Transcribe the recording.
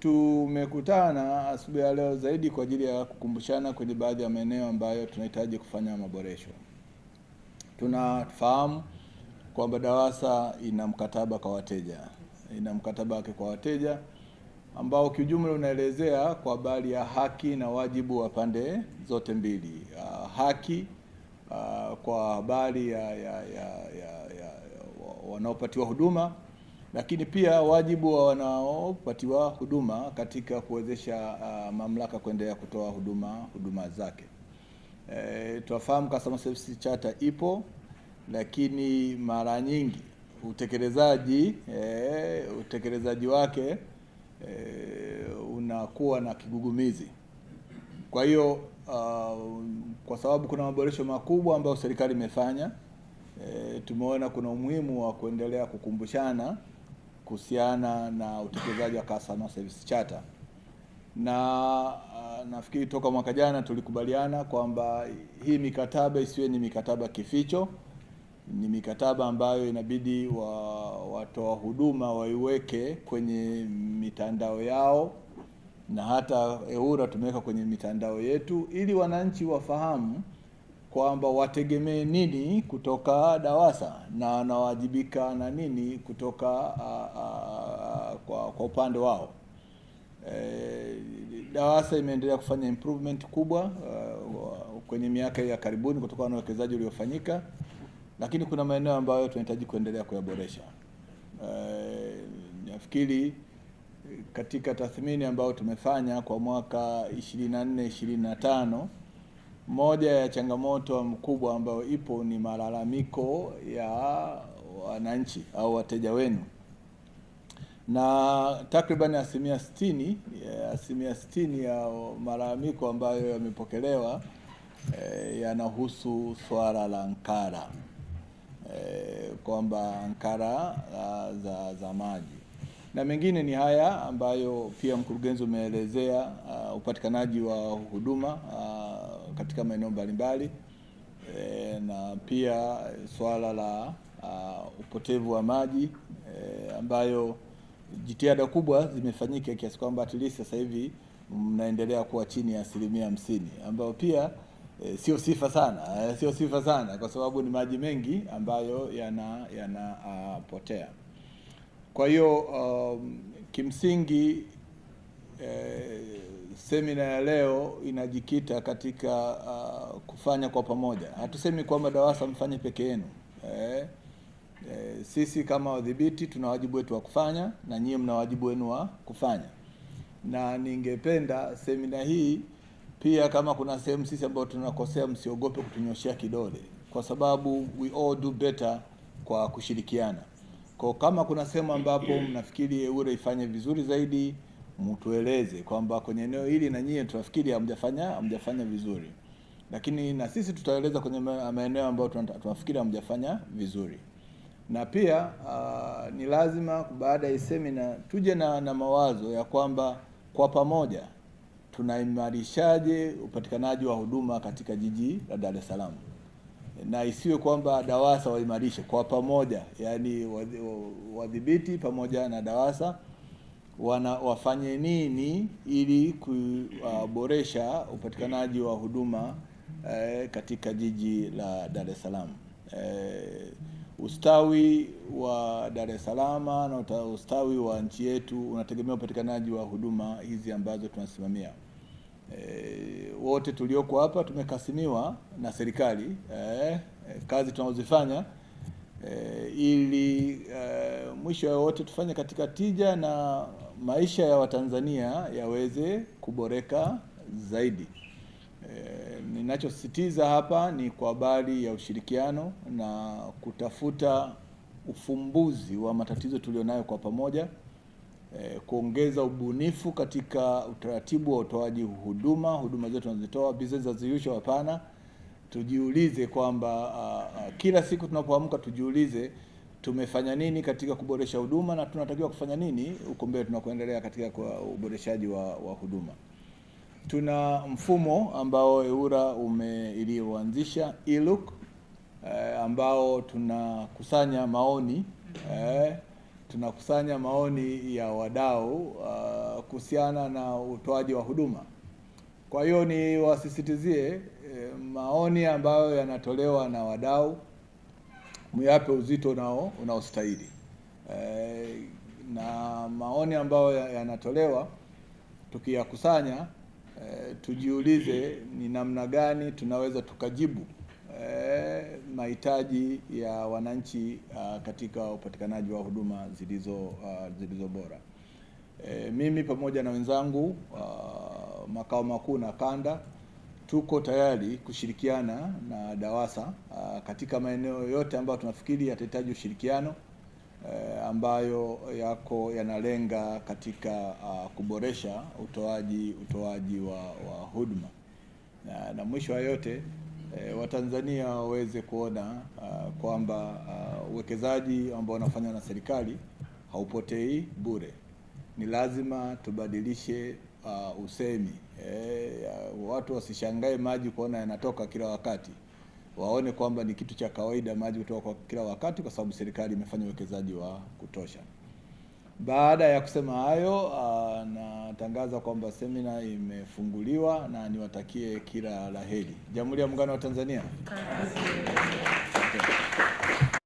Tumekutana asubuhi ya leo zaidi kwa ajili ya kukumbushana kwenye baadhi ya maeneo ambayo tunahitaji kufanya maboresho. Tunafahamu kwamba DAWASA ina mkataba kwa wateja, ina mkataba wake kwa wateja ambao kiujumla unaelezea kwa habari ya haki na wajibu wa pande zote mbili. Uh, haki uh, kwa habari ya, ya, ya, ya, ya, ya wanaopatiwa huduma lakini pia wajibu wa wanaopatiwa huduma katika kuwezesha uh, mamlaka kuendelea kutoa huduma huduma zake. E, eh, tunafahamu customer service charter ipo, lakini mara nyingi utekelezaji e, utekelezaji wake e, unakuwa na kigugumizi. Kwa hiyo uh, kwa sababu kuna maboresho makubwa ambayo serikali imefanya, e, tumeona kuna umuhimu wa kuendelea kukumbushana kuhusiana na utekelezaji wa customer service charter, na uh, nafikiri toka mwaka jana tulikubaliana kwamba hii mikataba isiwe ni mikataba kificho, ni mikataba ambayo inabidi watoa huduma waiweke kwenye mitandao yao na hata EWURA tumeweka kwenye mitandao yetu ili wananchi wafahamu kwamba wategemee nini kutoka DAWASA na wanawajibika na nini kutoka a, a, kwa, kwa upande wao. E, DAWASA imeendelea kufanya improvement kubwa uh, kwenye miaka ya karibuni kutokana na uwekezaji uliofanyika, lakini kuna maeneo ambayo tunahitaji kuendelea kuyaboresha. E, nafikiri katika tathmini ambayo tumefanya kwa mwaka 24 25 moja ya changamoto mkubwa ambayo ipo ni malalamiko ya wananchi au wateja wenu, na takriban asilimia sitini asilimia sitini ya malalamiko ambayo yamepokelewa e, yanahusu swala la ankara e, kwamba ankara ah, za, za maji na mengine ni haya ambayo pia mkurugenzi umeelezea, ah, upatikanaji wa huduma uh, katika maeneo mbalimbali e, na pia swala la uh, upotevu wa maji e, ambayo jitihada kubwa zimefanyika kiasi kwamba at least sasa hivi mnaendelea kuwa chini ya asilimia hamsini ambayo pia e, sio sifa sana e, sio sifa sana kwa sababu ni maji mengi ambayo yanapotea yana, uh, kwa hiyo um, kimsingi eh, semina ya leo inajikita katika uh, kufanya kwa pamoja. Hatusemi kwamba DAWASA mfanye peke yenu eh, eh, sisi kama wadhibiti tuna wajibu wetu wa kufanya na nyie mna wajibu wenu wa kufanya, na ningependa semina hii pia, kama kuna sehemu sisi ambayo tunakosea, msiogope kutunyoshea kidole, kwa sababu we all do better kwa kushirikiana. Kwa kama kuna sehemu ambapo mnafikiri EWURA ifanye vizuri zaidi mtueleze kwamba kwenye eneo hili na nyie tunafikiri hamjafanya hamjafanya vizuri, lakini na sisi tutaeleza kwenye maeneo ambayo tunafikiri hamjafanya vizuri. Na pia uh, ni lazima baada ya semina tuje na, na mawazo ya kwamba kwa pamoja tunaimarishaje upatikanaji wa huduma katika jiji la Dar es Salaam, na isiwe kwamba DAWASA waimarishe kwa pamoja, yani wadhibiti pamoja na DAWASA wana wafanye nini ili kuboresha upatikanaji wa huduma eh, katika jiji la Dar es Salaam. Eh, ustawi wa Dar es Salaam na ustawi wa nchi yetu unategemea upatikanaji wa huduma hizi ambazo tunasimamia. E, eh, wote tulioko hapa tumekasimiwa na serikali e, kazi tunazozifanya e, ili e, mwisho wa wote tufanye katika tija na maisha ya Watanzania yaweze kuboreka zaidi. E, ninachosisitiza hapa ni kwa habari ya ushirikiano na kutafuta ufumbuzi wa matatizo tulionayo kwa pamoja, e, kuongeza ubunifu katika utaratibu wa utoaji huduma huduma zetu tunazitoa, business as usual hapana. Tujiulize kwamba ah, kila siku tunapoamka tujiulize tumefanya nini katika kuboresha huduma na tunatakiwa kufanya nini huko mbele tunakoendelea katika kwa uboreshaji wa, wa huduma. Tuna mfumo ambao EWURA iliyoanzisha e eh, ambao tunakusanya maoni eh, tunakusanya maoni ya wadau uh, kuhusiana na utoaji wa huduma. Kwa hiyo niwasisitizie eh, maoni ambayo yanatolewa na wadau muyape uzito nao unaostahili. E, na maoni ambayo yanatolewa ya tukiyakusanya, e, tujiulize ni namna gani tunaweza tukajibu e, mahitaji ya wananchi a, katika upatikanaji wa huduma zilizo a, zilizo bora. E, mimi pamoja na wenzangu a, makao makuu na kanda tuko tayari kushirikiana na DAWASA ah, katika maeneo yote ambayo tunafikiri yatahitaji ushirikiano eh, ambayo yako yanalenga katika ah, kuboresha utoaji utoaji wa, wa huduma na, na mwisho wa yote E, Watanzania waweze kuona uh, kwamba uwekezaji ambao unafanywa na serikali haupotei bure. Ni lazima tubadilishe uh, usemi e, uh, watu wasishangae maji kuona yanatoka kila wakati, waone kwamba ni kitu cha kawaida maji kutoka kwa kila wakati, kwa sababu serikali imefanya uwekezaji wa kutosha. Baada ya kusema hayo, uh, natangaza kwamba semina imefunguliwa na niwatakie kila la heri. Jamhuri ya Muungano wa Tanzania. Okay.